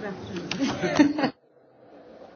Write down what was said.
Good afternoon.